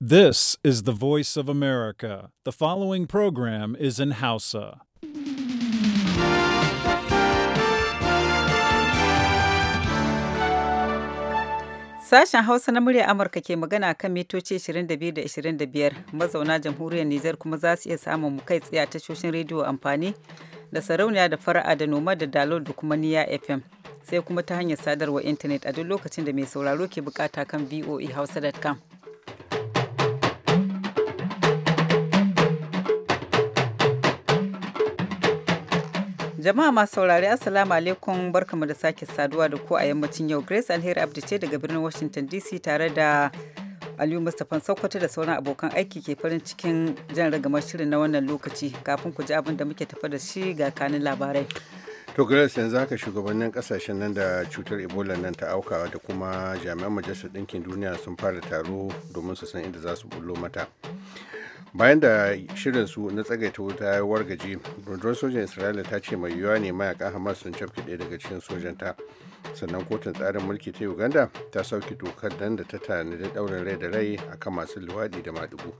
This is the voice of America. The following program is in Hausa. Sashen Hausa na murya Amurka ke magana kan mitoci 22 da 25 mazauna jamhuriyar Nijar kuma za su iya samun mu kai tsaye a tashoshin rediyo amfani da sarauniya da fara'a da noma da dalol da kuma niya FM sai kuma ta hanyar sadarwar intanet a duk lokacin da mai sauraro ke bukata kan voahausa.com. Jama'a masu saurari Assalamu alaikum barkamu da sake saduwa da ku a yammacin yau Grace Alheri Abdi ce daga birnin Washington DC tare da Aliyu Mustapha Sokoto da sauran abokan aiki ke farin cikin jan ragamar shirin na wannan lokaci kafin ku ji abin da muke tafa da shi ga kanin labarai. to grace yanzu haka shugabannin kasashen nan da cutar ebola nan ta auka da kuma jami'an majalisar ɗinkin duniya sun fara taro domin su san inda za su bullo mata bayan da shirin su na tsagaita wuta ya wargaje rundunar sojan isra'ila ta ce mai yiwuwa ne mayakan hamas sun cafke ɗaya daga cikin sojan ta sannan kotun tsarin mulki ta uganda ta sauki dokar nan da ta tanadi ɗaurin rai da rai a kan masu luwaɗi da madugu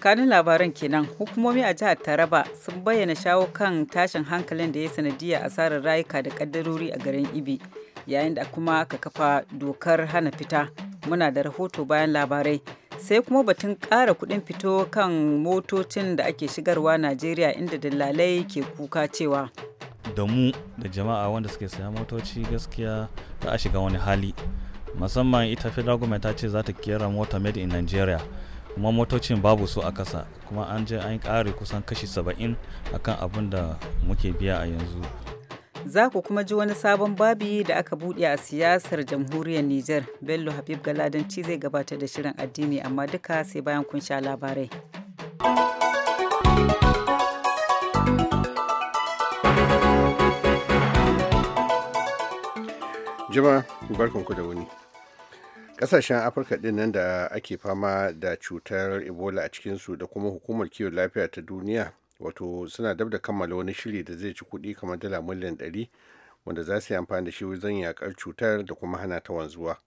kanun labaran kenan hukumomi a jihar taraba sun bayyana shawo kan tashin hankalin da ya sanadiyya asarar rayuka da kaddarori a garin ibi yayin da kuma aka kafa dokar hana fita muna da rahoto bayan labarai sai kuma batun kara kuɗin fito kan motocin da ake shigarwa najeriya inda dillalai ke kuka cewa da mu da jama'a wanda suke saya motoci gaskiya za a shiga wani hali musamman ita federal government ta ce za ta kera mota made in nigeria kuma motocin babu su a kasa kuma an je an kare kusan kashi 70 akan abin da muke biya a yanzu Za ku kuma ji wani sabon babi da aka buɗe a siyasar jamhuriyar Nijar. Bello Habib Galadanci zai gabatar da shirin addini amma duka sai bayan kun sha labarai. jima barkanku da wuni. kasashen afirka din nan da ake fama da cutar ebola a cikinsu da kuma hukumar kiwon lafiya ta duniya wato suna dab da kammala wani shiri da zai ci kuɗi kamar dala miliyan ɗari wanda za su yi amfani da shi wajen yakar cutar da kuma hana ta wanzuwa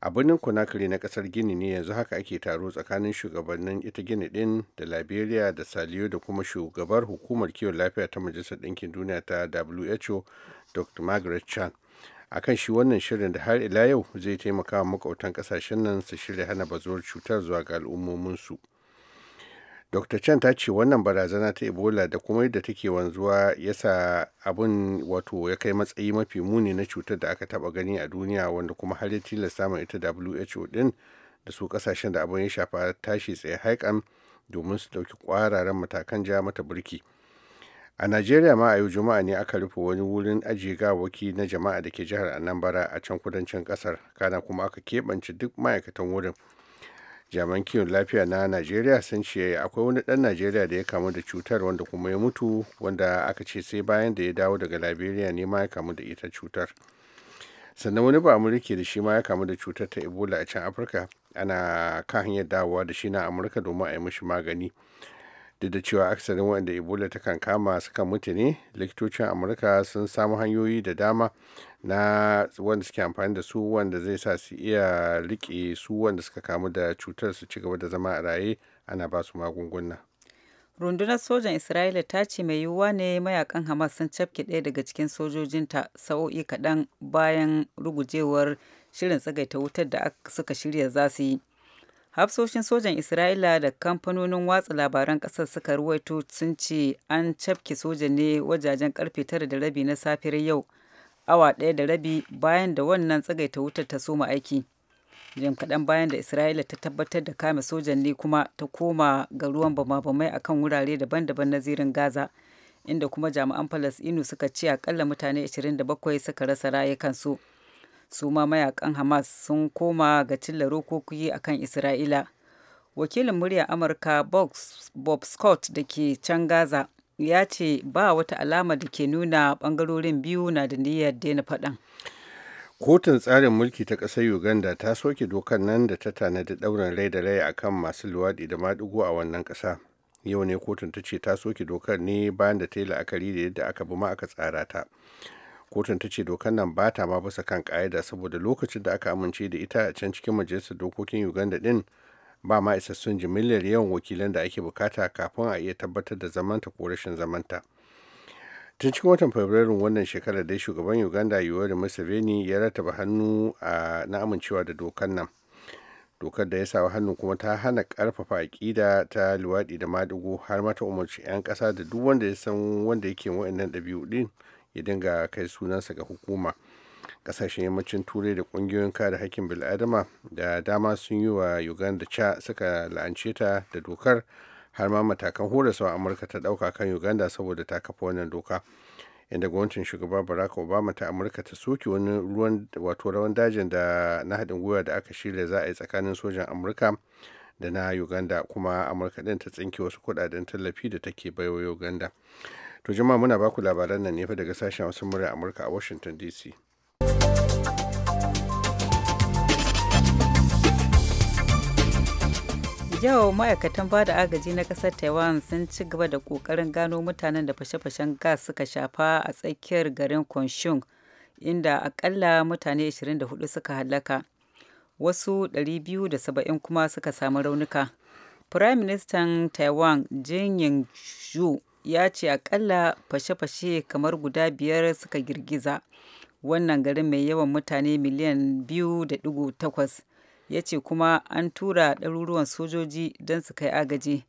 a birnin conakry na kasar gini ne yanzu haka ake taro tsakanin shugabannin ita gini din da liberia da saliyo da kuma shugabar hukumar kiwon lafiya ta majalisar ɗinkin duniya ta who dr margaret chan a kan shi wannan shirin da har ila yau zai taimaka wa makautan kasashen nan su shirya hana bazuwar cutar zuwa ga al'ummominsu. dr chan ta ce wannan barazana ta ebola da kuma yadda take wanzuwa yasa abun wato ya kai matsayi mafi muni na cutar da aka taba gani a duniya wanda kuma har ya tilasta mai ita who din da su kasashen da abun ya shafa tashi tsaye haikan domin su dauki kwararan matakan ja mata burki a najeriya ma a yau juma'a ne aka rufe wani wurin ajiye gawaki na jama'a da ke jihar anambra a can kudancin kasar kana kuma aka keɓance duk ma'aikatan wurin jami'an kiwon lafiya na najeriya sun ce akwai wani dan najeriya da ya kamu da cutar wanda kuma ya mutu wanda aka ce sai bayan da ya dawo daga liberia ne ma ya kamu da ita cutar sannan wani ba amurka da shi ma ya kamu da cutar ta ebola a can afirka ana kan hanyar dawowa da shi na amurka domin a yi mashi magani duk da cewa aksarin wanda ebola ta kan kama su mutu ne likitocin amurka sun samu hanyoyi da dama na wanda suke amfani da su wanda zai sa su iya rike su wanda suka kamu da cutar su ci gaba da zama a raye ana ba su magunguna rundunar sojan isra'ila ta ce mai yiwuwa ne mayakan hamas sun cafke ɗaya daga cikin sojojinta sa'o'i kaɗan bayan rugujewar shirin tsagaita wutar da suka shirya za su yi hafsoshin sojan isra'ila da kamfanonin watsa labaran kasar suka ruwaito sun ce an cafke soja ne wajajen karfe tara da rabi na safiyar yau awa ɗaya da rabi bayan da wannan tsagaita wutar ta soma aiki jim kaɗan bayan da isra'ila ta tabbatar da kame sojan ne kuma ta koma ga ruwan bama-bamai a kan wurare daban-daban na zirin gaza inda kuma jami'an falasɗinu suka ce akalla mutane 27 suka rasa rayukansu. su su ma mayakan hamas sun koma ga cilla a kan isra'ila wakilin murya amurka bob scott da ke can gaza ya ce ba wata alama da ke nuna bangarorin biyu na da niyyar daina faɗan kotun tsarin mulki ta ƙasar uganda ta soke dokar nan da ta tanadi ɗaurin rai da rai akan masu luwaɗi da maɗigo a wannan ƙasa yau ne kotun ta ce ta soke dokar ne bayan da ta yi la'akari da yadda aka bi ma aka tsara ta kotun ta ce dokar nan ba ta ma bisa kan ka'ida saboda lokacin da aka amince da ita a can cikin majalisar dokokin uganda din ba ma isassun jimillar yawan wakilan da ake bukata kafin a iya tabbatar da zamanta ko rashin zamanta tun cikin watan fabrairun wannan shekarar dai shugaban uganda yuwari museveni ya rataba hannu a na amincewa da dokar nan dokar da ya sa hannu kuma ta hana karfafa aƙida ta luwaɗi da madugo har mata umarci 'yan ƙasa da duk wanda ya san wanda yake wa'annan ɗabi'u ɗin ya dinga kai sunansa ga hukuma kasashen yammacin turai da kungiyoyin kare hakkin bil'adama da dama sun yi wa uganda ca suka la'ance ta da dokar har ma matakan horaswa amurka ta dauka kan uganda saboda ta kafa wannan doka inda gwamnatin shugaba barack obama ta amurka ta soke wani ruwan wato rawan dajin da na haɗin gwiwa da aka shirya za a yi tsakanin sojan amurka da na uganda kuma amurka ɗin ta tsinke wasu kuɗaɗen tallafi da take baiwa uganda to jama muna baku labaran nan ne daga sashen wasu murya amurka a washington dc yau ma'aikatan bada agaji na kasar taiwan sun ci gaba da kokarin gano mutanen da fashe-fashen gas suka shafa a tsakiyar garin kunshung inda akalla mutane 24 suka halaka wasu 270 kuma suka samu raunuka prime ministan taiwan jin yin ya ce akalla fashe-fashe kamar guda biyar suka girgiza wannan garin mai yawan mutane miliyan biyu da ya ce kuma an tura ɗaruruwan sojoji don su kai agaji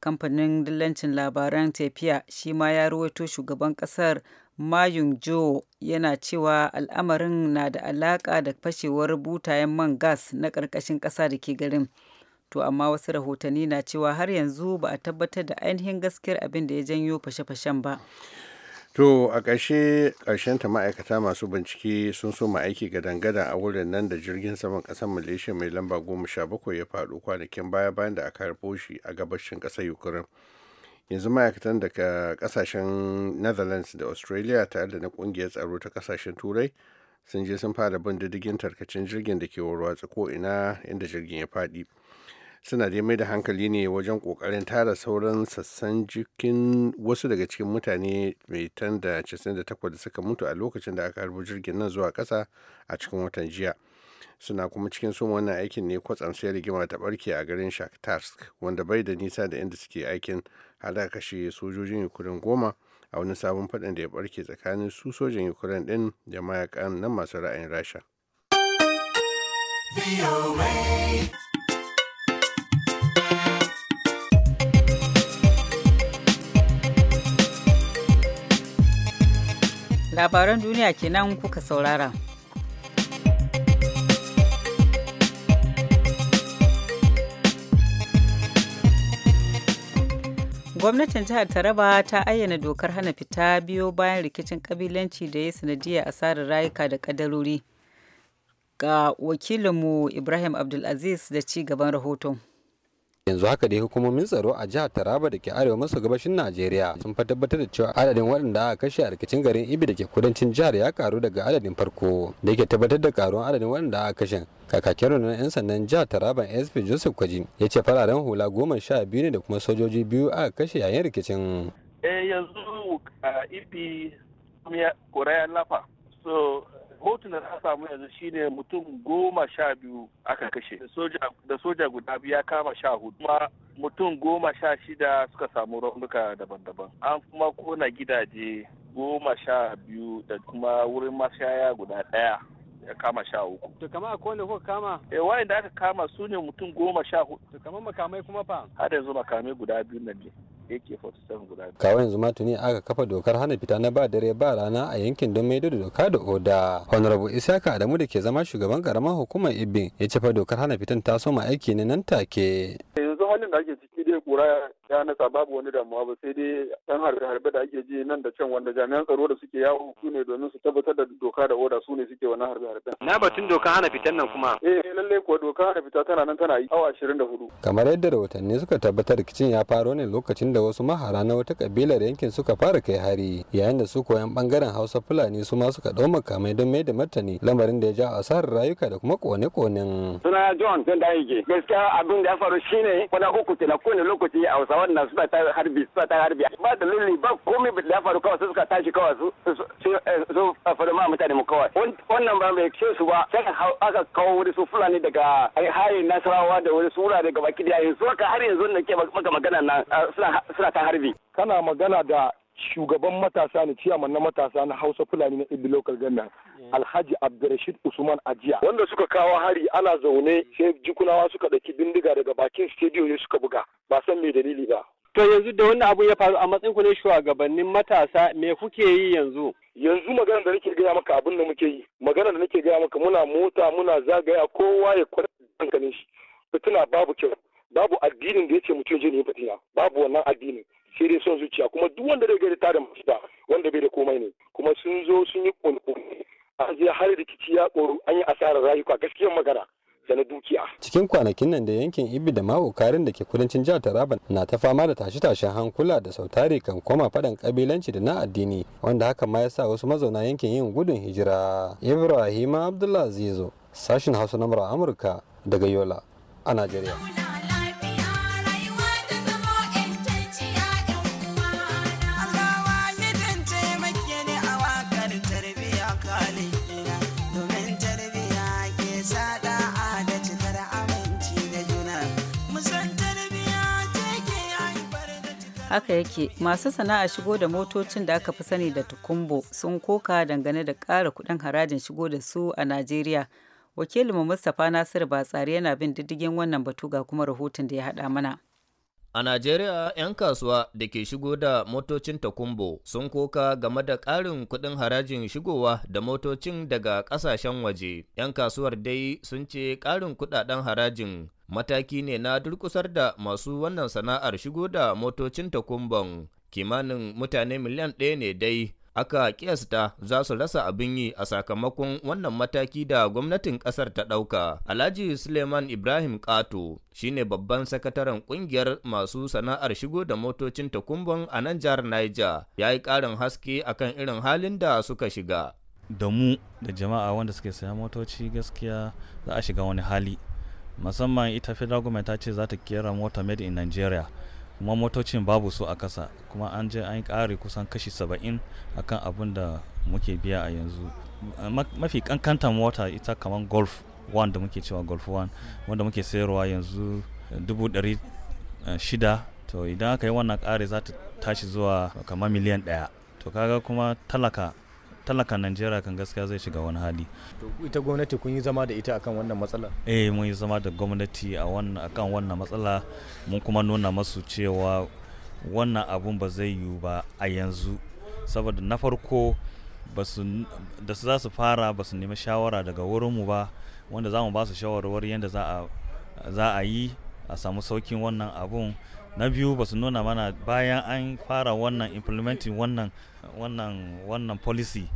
kamfanin dillancin labaran tafiya shi ma ya ruwaito shugaban ƙasar mayun jo yana cewa al'amarin na da alaƙa da fashewar butayen man gas na ƙarƙashin ƙasa da ke garin to amma wasu rahotanni na cewa har yanzu ba a tabbatar da ainihin gaskiyar abin da ya janyo fashe-fashen ba to a ƙarshe ƙarshenta ma'aikata masu bincike sun so aiki ga dangada a wurin nan da jirgin saman ƙasar malaysia mai lamba goma sha bakwai ya faɗo kwanakin baya bayan da aka harbo shi a gabashin ƙasar ukraine yanzu ma'aikatan daga ƙasashen netherlands da australia tare da na ƙungiyar tsaro ta ƙasashen turai sun je sun fara bin diddigin tarkacin jirgin da ke warwatsa ko ina inda jirgin ya faɗi suna dai mai da hankali ne wajen kokarin tara sauran sassan jikin wasu daga cikin mutane mai tan da 98 da suka mutu a lokacin da aka harbo jirgin nan zuwa ƙasa a cikin watan jiya suna kuma cikin sun wannan aikin ne kwatsam sai rigima ta barke a garin shaktarsk wanda bai da nisa da inda suke aikin har kashe sojojin ukraine goma a wani sabon faɗin da ya barke tsakanin su sojin ukraine ɗin da mayakan nan masu ra'ayin rasha labaran duniya kenan kuka saurara gwamnatin jihar taraba ta ayyana dokar hana fita biyo bayan rikicin kabilanci da ya sanadiyar asarar rayuka da kadarori ga wakilinmu ibrahim abdulaziz da ci gaban rahoton yanzu haka dai hukumomin tsaro a jihar taraba da ke arewa maso gabashin najeriya sun fa tabbatar da cewa adadin waɗanda aka kashe a rikicin garin ibi da ke kudancin jihar ya karu daga adadin farko da yake tabbatar da karuwan adadin waɗanda aka kashe kakakin rundunar 'yan sandan jihar taraban sp joseph kwaji ya ce fararen hula goma sha biyu ne da kuma sojoji biyu aka kashe yayin rikicin. eh yanzu ibi ya lafa so hotun da ta samu yanzu shine mutum goma sha biyu aka kashe da soja guda biyu ya kama sha hudu kuma mutum goma sha shida suka samu raunuka daban-daban an kuma kona gidaje goma sha biyu da kuma wurin mashaya guda ɗaya ya kama sha uku. To kama a kone kuka kama? Eh da aka kama su ne mutum goma sha hudu. To kama makamai kuma fa? Har yanzu makamai guda biyu na ne. AK47 guda Kawai yanzu ma tuni aka kafa dokar hana fita na ba dare ba rana a yankin don maido da doka da oda. Honorable Isaka Adamu da ke zama shugaban karamar hukumar Ibin ya ce fa dokar hana fitan ta soma aiki ne nan take. yanzu halin da ake ciki dai kura ya nasa babu wani damuwa ba sai dai dan harbe-harbe da ake ji nan da can wanda jami'an tsaro da suke yawo su ne domin su tabbatar da doka da oda su ne suke wannan harbe harbe Na batun doka hana fitan nan kuma. Eh lallai kuwa doka hana fita tana nan tana yi awa ashirin da hudu. Kamar yadda rahotanni suka tabbatar rikicin ya faro ne lokacin da wasu mahara na wata kabilar yankin suka fara kai hari yayin da su koyan bangaren Hausa Fulani su ma suka ɗau makamai don mai da martani lamarin da ya ja asarar rayuka da kuma kone-konen. Suna John zan da yake gaskiya abin da ya faru shine kwana uku na kowane lokaci a wasa wannan suna ta harbi suna ta harbi ba da lulli ba komai ba da faru kawai suka tashi kawai su su faru ma mutane mu kawai wannan ba mai ce su ba sai aka kawo wani su fulani daga harin nasarawa da wani sura daga baki da yanzu haka har yanzu na ke maka magana na suna ta harbi kana magana da shugaban matasa ne ciyaman na matasa na hausa fulani na ibi local government alhaji abdulrashid usman ajiya wanda suka kawo hari ana zaune sai jikunawa suka ɗauki bindiga daga bakin stadium ne suka buga ba san me dalili ba to yanzu da wannan abu ya faru a matsayin ku ne shugabannin matasa me kuke yi yanzu yanzu magana da nake gaya maka abin da muke yi magana da nake gaya maka muna mota muna zagaya kowa ya kwana hankalin shi fitina babu kyau babu addinin da ya ce mutum je ne fitina babu wannan addinin sai son zuciya kuma duk wanda bai da masu da wanda bai da komai ne kuma sun zo sun yi kunkuri an je har rikici ya tsoro an yi asarar rayuka gaskiyar magana da na dukiya. Cikin kwanakin nan da yankin Ibi da Mawo da ke kudancin jihar Taraba na ta fama da tashe-tashen hankula da sautari kan koma faɗan kabilanci da na addini wanda haka ma ya sa wasu mazauna yankin yin gudun hijira. Ibrahim Abdullah Zizo, sashin Hausa na Amurka daga Yola a Najeriya. haka yake masu sana'a shigo da motocin da aka fi sani da tukumbo sun koka dangane da ƙara kuɗin harajin shigo da su a najeriya wakilinmu mustapha nasir batsari yana bin diddigin wannan batu ga kuma rahoton da ya haɗa mana A Najeriya, 'yan kasuwa da ke shigo da motocin takumbo sun koka game da ƙarin kuɗin harajin shigowa da motocin daga ƙasashen waje. 'Yan kasuwar dai sun ce ƙarin kuɗaɗen harajin mataki ne na durkusar da masu wannan sana'ar shigo da motocin takumban kimanin mutane miliyan ɗaya ne dai aka kiyasta za su rasa abin yi a sakamakon wannan mataki da gwamnatin ƙasar ta ɗauka. Alhaji Suleiman Ibrahim Kato shine babban sakataren ƙungiyar masu sana'ar shigo da motocin takumbon a nan jihar Niger ya yi ƙarin haske akan irin halin da suka shiga. Da mu da jama'a wanda suke saya motoci gaskiya za a shiga wani hali musamman ita federal government ta ce za ta kera mota made in nigeria kuma motocin babu su a kasa kuma an je an kare kusan kashi saba'in akan abun da muke biya a yanzu mafi kankantan mota ita kamar golf 1 da muke cewa golf 1 wanda muke sayarwa yanzu dubu dari eh, shida to idan aka yi wannan kare za ta tashi zuwa kamar miliyan ɗaya to kaga kuma talaka talakan najeriya kan gaskiya zai shiga wani hali to ita gwamnati kun yi zama da ita akan wannan matsala eh mun yi zama da gwamnati a wannan akan wannan matsala mun kuma nuna masu cewa wannan abun ba zai yiwu ba a yanzu saboda na farko da su za su fara ba su nemi shawara daga wurin mu ba wanda za mu ba su shawarwari yadda za a yi a samu saukin wannan abun na biyu ba su nuna mana bayan an fara wannan implementing wannan policy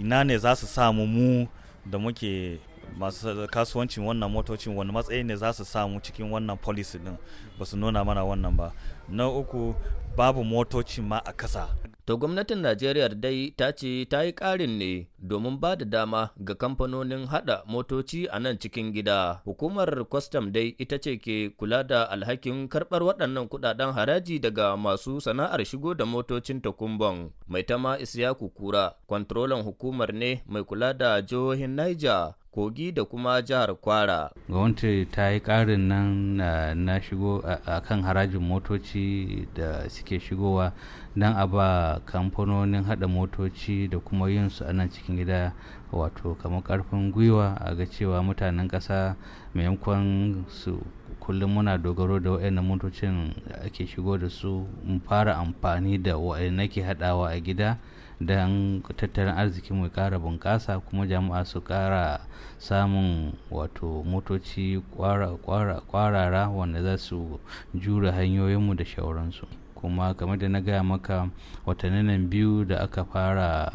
ina ne za su samu mu da muke masu kasuwancin wannan motocin wani matsayi ne za su samu cikin wannan policy din ba su nuna mana wannan ba na uku babu motocin ma a kasa to gwamnatin najeriya dai ta ce ta yi ƙarin ne domin ba da dama ga kamfanonin hada motoci a nan cikin gida hukumar kwastam dai ita ce ke kula da alhakin karbar waɗannan kudaden haraji daga masu sana'ar shigo da motocin takumban mai tama isyaku kura kwantrolan hukumar ne mai kula da jihohin niger kogi da kuma jihar kwara gwamnati ta yi karin nan na shigo a kan harajin motoci da suke shigowa don a ba kamfanonin hada motoci da kuma yin su a nan cikin gida wato kamar karfin gwiwa a ga cewa mutanen ƙasa maimakon su kullum muna dogaro da waɗannan motocin ake shigo da su mu fara amfani da waɗanda ke haɗawa a gida don tattalin arziki mai ƙara bunƙasa kuma jama'a su kara samun wato motoci kwarara wanda za su jure hanyoyinmu da shauransu kuma game da na gaya maka watanni biyu da aka fara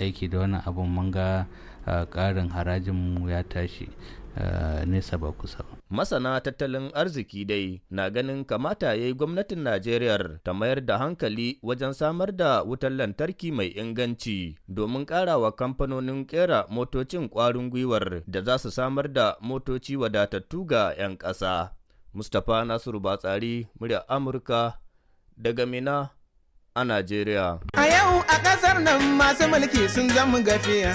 aiki da wannan abin manga ah, ƙarin harajinmu ya tashi ah, nesa ba kusa ba Masana tattalin arziki dai na ganin kamata ya yi gwamnatin Najeriya ta mayar da hankali wajen samar da wutar lantarki mai inganci domin ƙara wa kamfanonin ƙera motocin ƙwarin gwiwar da za su samar da motoci wadatattu ga 'yan ƙasa. Mustapha Nasiru Batsari, murya Amurka, daga Mina a Najeriya. A yau a ƙasar nan masu mulki sun zama gafiya.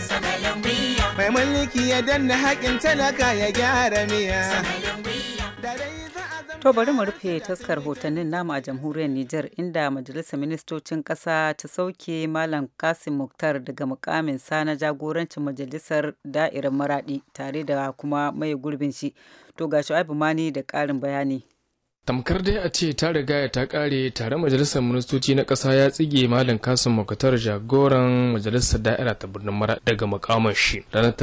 Mai mulki ya danna haƙin talaka ya gyara miya. To bari mu rufe taskar hotannin namu a jamhuriyar Nijar inda majalisar ministocin ƙasa ta sauke Malam Kasim Muktar daga mukamin sa na jagorancin majalisar da'irar maraɗi tare da kuma mai gurbin shi. To ga Shu'aibu Mani da ƙarin bayani. tamkar dai a ce ta rigaya ta kare tare majalisar ministoci na kasa ya tsige malam kasu makatar jagoran majalisar da'ira ta birnin mara daga makaman shi ranar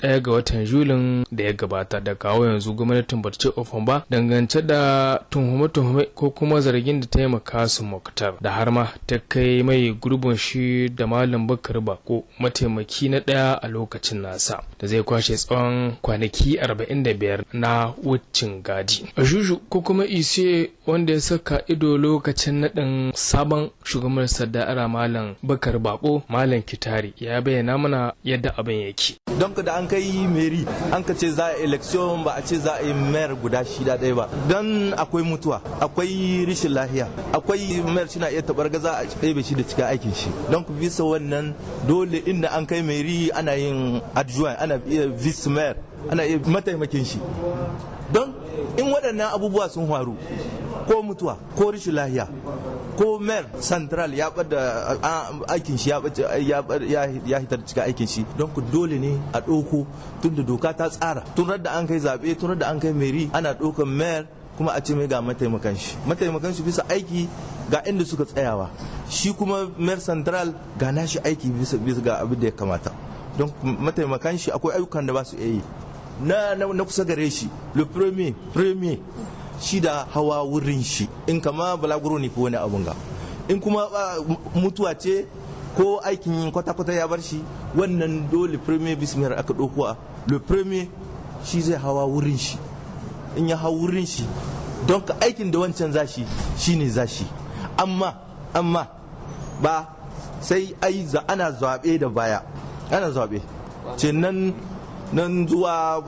ɗaya ga watan julin da ya gabata da kawo yanzu gwamnatin bata ce ofan ba dangance da tuhume-tuhume ko kuma zargin da ta yi makasin makatar da har ma ta kai mai gurbin shi da malin bakar bako mataimaki na ɗaya a lokacin nasa da zai kwashe tsawon kwanaki arba'in da biyar na wucin gadi a juju ko kuma Sise wanda ya saka ido lokacin naɗin sabon shugaban sadara Malam Bakar Bako Malam Kitari ya bayyana mana yadda abin yake. Don da an kai meri an ka ce za a election ba a ce za a yi mayar guda shida ɗaya ba. Don akwai mutuwa, akwai rishin lahiya, akwai mayar shi na iya tabar gaza a ɗebe shi da cika aikin shi. Don bisa wannan dole inda an kai meri ana yin adjuwan ana iya vice mayor ana iya mataimakin shi. Don waɗannan abubuwa sun faru ko mutuwa ko rishin lahiya ko mer central ya bada aikin shi ya hitar cika aikin shi don ku dole ne a ɗauko tun da doka ta tsara tun da an kai zaɓe tun da an kai meri ana ɗaukan mer kuma a ce mai ga mataimakan shi mataimakan shi bisa aiki ga inda suka tsayawa shi kuma mer central ga nashi aiki bisa ga abin da ya kamata don mataimakan shi akwai ayyukan da ba su iya yi na na kusa gare shi le premier premier shi da hawa wurin shi in kama balaguro ne ko wani abun in kuma ah, mutuwa ce ko aikin yin kwata-kwata ya bar shi wannan dole premier bismillah aka dokuwa le premier shi zai hawa wurin shi in ya hawa wurin shi don ka aikin da wancan zashi shi ne zashi amma amma ba sai ai ana zaɓe da baya ana zaɓe ce nan nan zuwa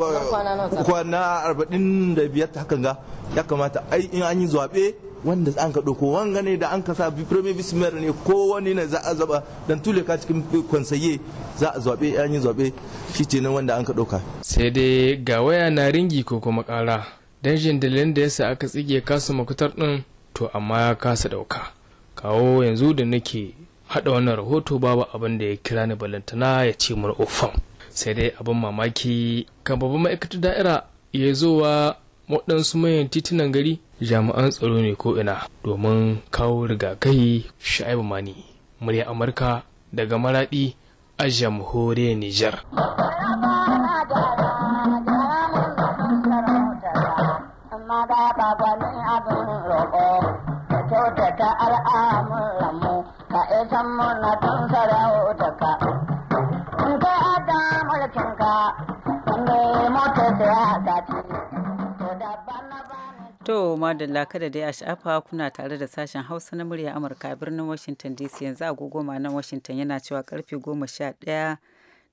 kwana arba'in da biyar hakan ga ya kamata ai in an yi zaɓe wanda an ka ɗauko wanga ne da an ka sa premier vice mayor ne ko wani ne za a zaɓa dan tule ka cikin kwansaye za a zaɓe an yi zaɓe shi ce nan wanda an ka ɗauka. sai dai ga waya na ringi ko kuma ƙara dan dalilin da sa aka tsige kasu makutar ɗin to amma ya kasa ɗauka kawo yanzu da nake haɗa wannan rahoto babu abin da ya kira ni balantana ya ce mun ofan. sai dai abin mamaki kan babban ma'aikatar da'ira ya zowa waɗansu manyan titunan gari jami'an tsaro ne ko ina domin kawo rigakai sha'ibu mani murya amurka daga maraɗi a jamhuriyar nijar ta al'amuranmu ka isan mu na tun sarauta ka To madalla kada dai a sha'afa kuna tare da sashen Hausa na murya Amurka a birnin Washington DC yanzu agogo nan Washington yana cewa karfe 11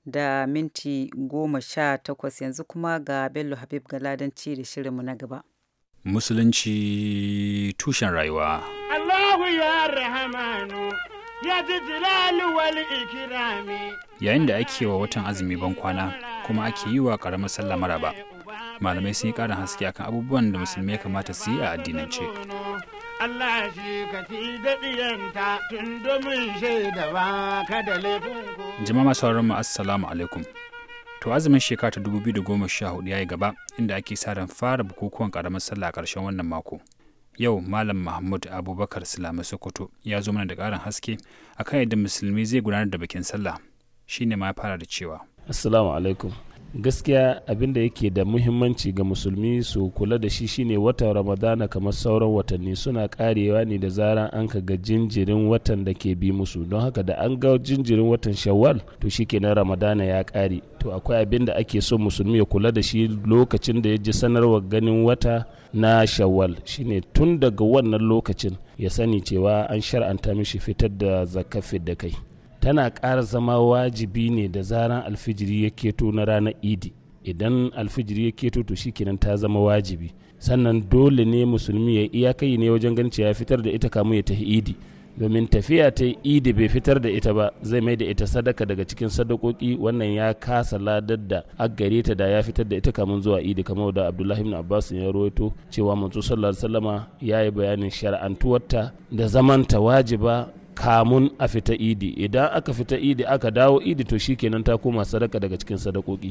da minti sha 18 yanzu kuma ga Bello Habib ci da shirinmu na gaba. Musulunci tushen rayuwa. Allahu ya rahamanu ya Yayin da ake wa watan azumi ban kwana kuma ake yi wa karamar sallah maraba malamai sun yi karin haske akan abubuwan da musulmi ya kamata su yi a addinance Jama'a masu mu assalamu alaikum. To azumin shekara ta dubu da sha 2014 ya yi gaba inda ake sa ran fara bukukuwan karamar sallah a ƙarshen wannan mako. Yau Malam Mahmud Abubakar Sulama Sokoto ya zo mana da karin haske akan yadda musulmi zai gudanar da bikin sallah. Shine ma ya fara da cewa. assalamu alaikum gaskiya abin da yake da muhimmanci ga musulmi su kula da shi shine watan ramadana kamar sauran watanni suna karewa ne da zaran an ka ga jinjirin watan da ke bi musu don haka da an ga jinjirin watan shawwal to shi kenan ramadana ya kare to akwai abin da ake so musulmi ya kula da shi lokacin da ya ji sanarwar ganin wata na shawwal shine tun daga wannan lokacin ya sani cewa an shar'anta mishi fitar da zakafi da kai tana ƙara zama wajibi ne da zaran alfijiri ya keto na ranar idi idan alfijiri ya keto to kenan ta zama wajibi sannan dole ne musulmi ya iyakai ne wajen ganin ya fitar da ita kamun ya tafi idi domin tafiya ta idi bai fitar da ita ba zai mai da ita sadaka daga cikin sadakoki wannan ya kasa ladar da aggare ta da ya fitar da ita kamun zuwa idi kamar da abdullahi ibn abbas ya rawaito cewa manzo sallallahu alaihi wasallama ya yi bayanin shar'antuwarta da zamanta wajiba kamun a fita idi idan aka fita idi aka dawo idi to shi shikenan ta koma sadaka daga cikin sadakoki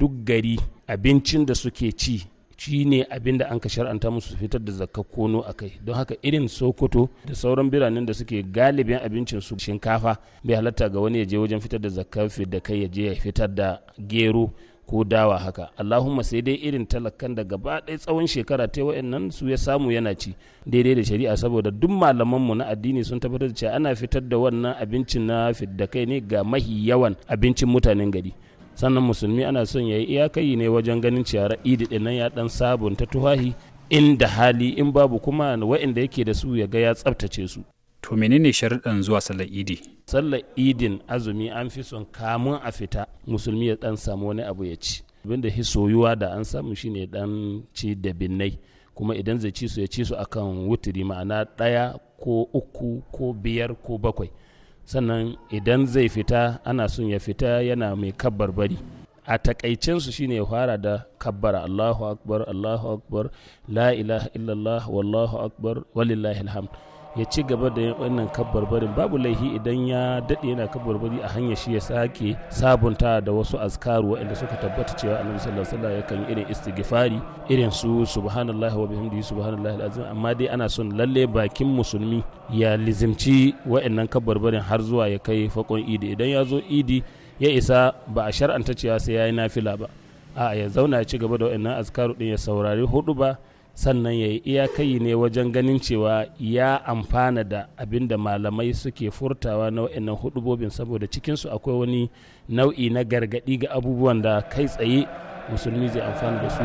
duk gari abincin da suke ci shi ne abin da an ka shar'anta musu fitar da zakka kono a kai don haka irin sokoto da sauran biranen da suke galibin abincin su shinkafa bai halatta ga wani ya je wajen fitar da zakka da kai ya je ya fitar da gero ko dawa haka allahumma sai dai irin talakan da gaba ɗaya tsawon shekara ta nan su ya samu yana ci daidai da shari'a saboda duk malamanmu na addini sun tabbatar da cewa ana fitar da wannan abincin na fidda kai ne ga mahi yawan abincin mutanen gari sannan musulmi ana son ya yi iyakai ne wajen ganin cewa ra'idi ɗin nan ya ɗan sabunta tuhahi inda hali in babu kuma wa'inda yake da su ya ga ya tsabtace su to menene zuwa sallar idi sallar idin azumi an fi son kamun a fita musulmi ya dan samu wani abu ya ci abin da soyuwa da an samu shine dan ci da binnai kuma idan zai ci su ya ci su akan wuturi ma'ana ɗaya ko uku ko biyar ko bakwai sannan idan zai fita ana son ya fita yana mai kabbar bari a takaicinsu shine fara da kabbara Allahu akbar Allahu akbar la ilaha illallah wallahu akbar walillahi alhamd ya ci gaba da wannan kabbarbarin babu laihi idan ya dade yana kabbarbari a hanyar shi ya sake sabunta da wasu azkaru waɗanda suka tabbata cewa annabi sallallahu alaihi wasallam yakan irin istighfari irin su subhanallah wa bihamdihi subhanallah alazim amma dai ana son lalle bakin musulmi ya lizimci waɗannan kabbarbarin har zuwa ya kai fakon idi idan ya zo idi ya isa ba a shar'anta cewa sai ya yi nafila ba a'a ya zauna ya ci gaba da waɗannan azkaru ɗin ya saurari hudu ba sannan ya yi iyakai ne wajen ganin cewa ya amfana da abin da malamai suke furtawa na wa'annan hudubobin saboda cikinsu akwai wani nau'i na gargadi ga abubuwan da kai tsaye musulmi zai amfana da su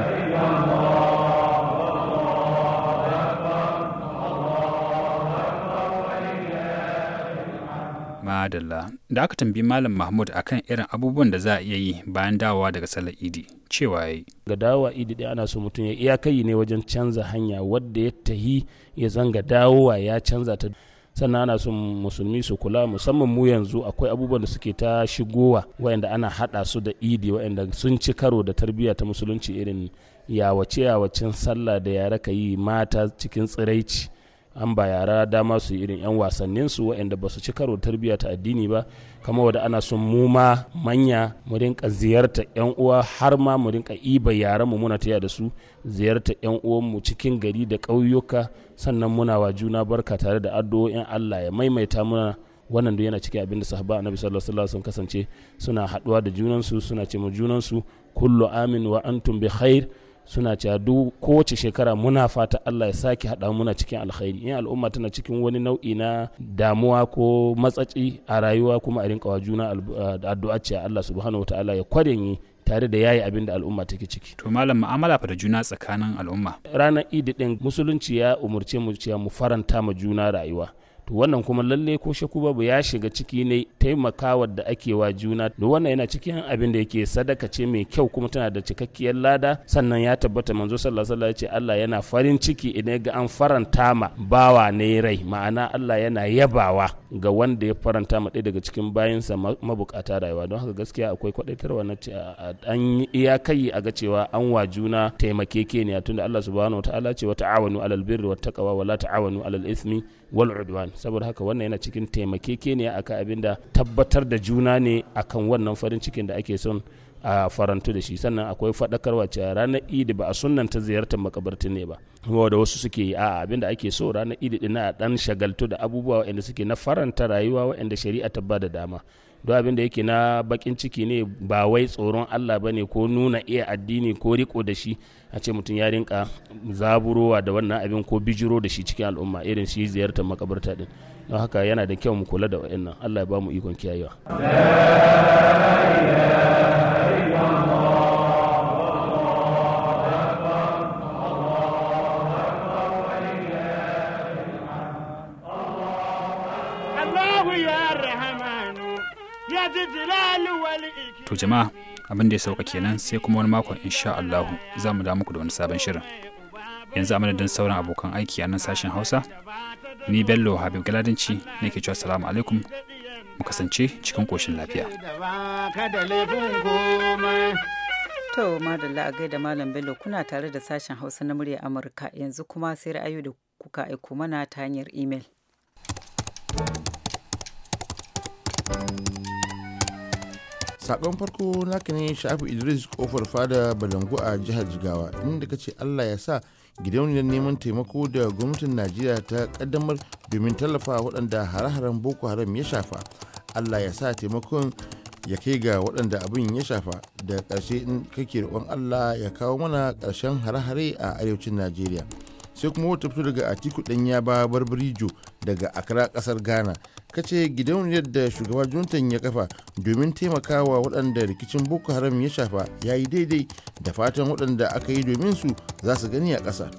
Madalla. Da aka tambayi Malam Mahmud akan irin abubuwan da za a iya yi bayan dawowa daga salar Idi. Cewa ya yi Ga dawowa Idi ɗaya ana so mutum ya iya kai ne wajen canza hanya wadda ya tahi ya zanga dawowa ya canza ta. sannan ana son musulmi su kula musamman mu yanzu akwai abubuwan da suke ta shigowa wayanda ana haɗa su da idi wayanda sun ci karo da tarbiyya ta musulunci irin yawace yawacin sallah da yara ka yi mata cikin tsiraici an ba yara dama su irin 'yan wasannin su waɗanda ba su ci karo tarbiyya ta addini ba kama wada ana son mu ma manya mu rinka ziyarta 'yan uwa har ma mu rinka iba yaran mu muna taya da su ziyarta 'yan uwan mu cikin gari da ƙauyuka sannan muna wa juna barka tare da addu'o'in Allah ya maimaita muna wannan duk yana cikin abin da sahaba annabi sallallahu alaihi wasallam kasance suna haɗuwa da junansu suna ce mu junansu kullu amin wa antum bi khair suna cewa duk kowace shekara muna fata Allah ya sake haɗa muna cikin alkhairi in al'umma tana cikin wani nau'i na damuwa ko matsaci a rayuwa kuma a rinka wa juna addu'a ce Allah subhanahu wataala ya tare da yayi abin da al'umma take ciki. To malam mu'amala fa da juna tsakanin al'umma. Ranar Idi din musulunci ya umurce mu cewa mu faranta ma juna rayuwa. to wannan kuma lalle ko shaku babu ya shiga ciki ne taimakawa da ake wa juna da wannan yana cikin abin da yake sadaka ce mai kyau kuma tana da cikakkiyar lada sannan ya tabbata manzo sallallahu alaihi wasallam ya ce Allah yana farin ciki idan ga an faranta ma bawa ne rai ma'ana Allah yana yabawa ga wanda ya faranta ma ɗaya daga cikin bayansa mabukata rayuwa don haka gaskiya akwai kwadaitarwa na an kai a ga cewa an wa juna taimakekeniya tunda Allah subhanahu wa ta'ala ce wa ta'awanu alal birri wa taqwa wa la ta'awanu alal ismi wal udwan saboda haka wannan yana cikin taimakekeniya akan abin da tabbatar da juna ne akan wannan farin cikin da ake son a farantu da shi sannan akwai faɗakarwa cewa ranar idi ba a ta ziyartar makabarti ne ba kuma da wasu suke yi a'a abinda ake so ranar idi din a dan shagaltu da abubuwa waɗanda suke na faranta rayuwa waɗanda shari'a ta ba da dama don abin da yake na bakin ciki ne ba wai tsoron Allah ba ne ko nuna iya addini ko riko da shi a ce mutum ya rinka zaburowa da wannan abin ko bijiro da shi cikin al'umma irin shi ziyartar makabarta din don haka yana da kyau mu kula da wa'annan Allah ya ba mu ikon kiyayewa To jama'a abin da ya sauka kenan sai kuma wani makon insha Allahu za mu da muku da wani sabon shirin yanzu a don sauran abokan aiki a nan sashen Hausa ni Bello Habib Galadinci ke cewa salamu alaikum mu kasance cikin koshin lafiya To madalla a gaida Malam Bello kuna tare da sashen Hausa na murya Amurka yanzu kuma sai ra'ayi da kuka aiko mana ta hanyar imel. sakon farko naka ne shafi idris kofar fada balangu a jihar jigawa inda ka ce allah ya sa gidauniyar neman taimako da gwamnatin najeriya ta kaddamar domin tallafa waɗanda hare-haren boko haram ya shafa allah ya sa taimakon ya kai ga waɗanda abin ya shafa da ƙarshe in kake roƙon allah ya kawo mana ƙarshen hare-hare a arewacin najeriya sai kuma wata fito daga atiku ɗan ya ba barbarijo daga akra kasar Ghana kace gidan yadda shugaba juntan ya kafa domin taimakawa waɗanda rikicin Boko Haram ya shafa ya yi daidai da fatan waɗanda aka yi domin su za su gani a ƙasa.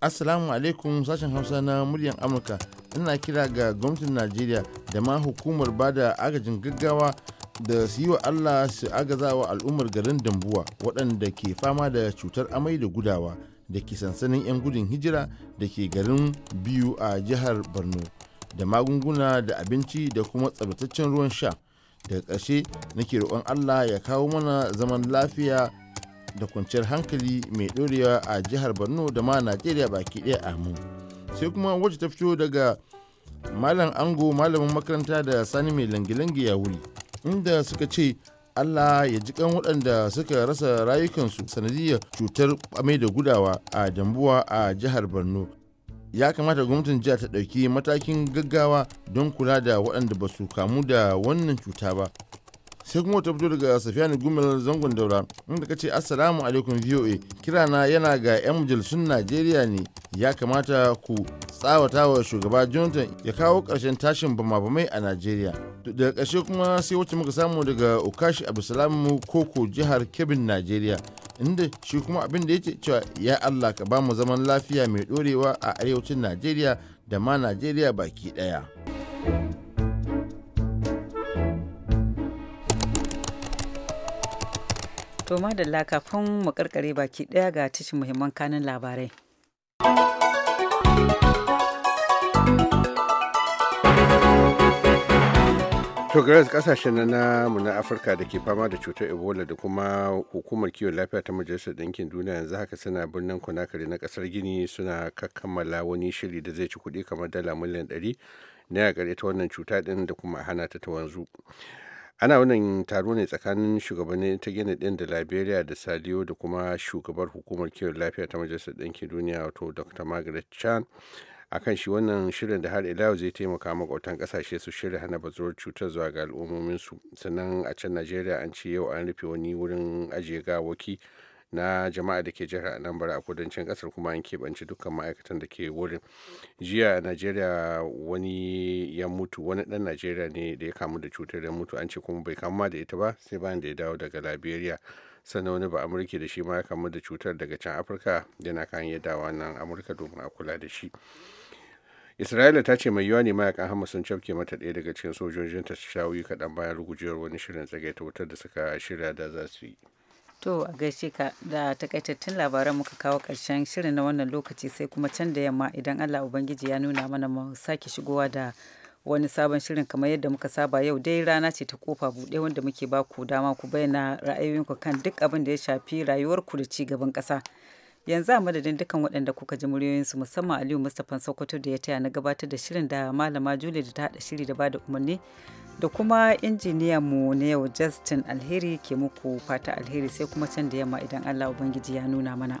Assalamu alaikum sashen Hausa na muryar Amurka ina kira ga gwamnatin Najeriya da ma hukumar bada agajin gaggawa da su yi wa Allah su agazawa al'ummar garin Dambuwa waɗanda ke fama da cutar amai da gudawa. da ke sansanin 'yan gudun hijira da ke garin biyu a jihar borno da magunguna da abinci da kuma tsabtaccen ruwan sha daga ƙarshe nake roƙon allah ya kawo mana zaman lafiya da kwanciyar hankali mai ɗorewa a jihar borno da ma najeriya baki ɗaya mu sai kuma wacce ta fito daga malam ango malamin makaranta da sani mai langilangi ya wuri inda suka ce Allah ya ji kan waɗanda suka rasa rayukansu sanadiyar cutar amai da gudawa a Dambuwa a jihar Borno. Ya kamata gwamnatin jiya ta ɗauki matakin gaggawa don kula da waɗanda ba su kamu da wannan cuta ba. sai kuma ta fito daga safiyani gumel zangon daura inda ka ce assalamu alaikum voa kirana yana ga 'yan majalisun najeriya ne ya kamata ku tsawata wa shugaba jonathan ya kawo karshen tashin bama-bamai a najeriya da ƙarshe kuma sai wacce muka samu daga ukashi abdulsalamu koko jihar kebin najeriya inda shi kuma abin da ce cewa ya allah ka bamu zaman lafiya mai dorewa a arewacin najeriya da ma najeriya baki ɗaya. To madalla kafin mu karkare baki daya ga tashin muhimman kanin labarai. to kasashen na mu na afirka da ke fama da cutar ebola da kuma hukumar kiwon lafiya ta majalisar ɗinkin duniya yanzu haka suna birnin konakari na kasar gini suna kammala wani shiri da zai ci kuɗi kamar dala miliyan ɗari na yakar ita wannan cuta ɗin da kuma hana ta ta wanzu ana wannan taro ne tsakanin shugabannin ta gina din da liberia da saliyo da kuma shugabar hukumar kiwon lafiya ta majalisar ɗinkin duniya wato dr margaret chan a kan shi wannan shirin da har ila zai taimaka makwautan kasashe su shirya hana bazuwar cutar zuwa ga su sannan a can najeriya an ce yau an rufe wani wurin ajiye gawaki na jama'a da ke jihar anambra a kudancin kasar kuma an keɓanci dukkan ma'aikatan da ke wurin jiya a najeriya wani ya mutu wani ɗan najeriya ne da ya kamu da cutar ya mutu an ce kuma bai kama da ita ba sai bayan da ya dawo daga liberia sannan wani ba amurki da shi ma ya kamu da cutar daga can afirka yana kan ya dawa nan amurka domin a kula da shi isra'ila ta ce mai yiwa ne mayakan hamas sun cafke mata ɗaya daga cikin sojojinta ta shawuyi kaɗan bayan rugujewar wani shirin tsagaita wutar da suka shirya da za su yi To a gaishe ka da takaitattun labaran muka kawo ƙarshen shirin na wannan lokaci sai kuma can da yamma idan Allah Ubangiji ya nuna mana mu sake shigowa da wani sabon shirin kamar yadda muka saba yau dai rana ce ta kofa buɗe wanda muke ba ku dama ku bayyana ra'ayoyinku kan duk abin da ya shafi rayuwarku da ci gaban ƙasa. yanzu a madadin dukkan waɗanda kuka ji muryoyinsu musamman aliyu mustapha sokoto da ya taya na gabatar da shirin da malama juli da ta haɗa shiri da bada umarni da kuma injiniyan mu na yau justin alheri ke muku fata alheri sai kuma can da yamma idan allah ubangiji ya nuna mana.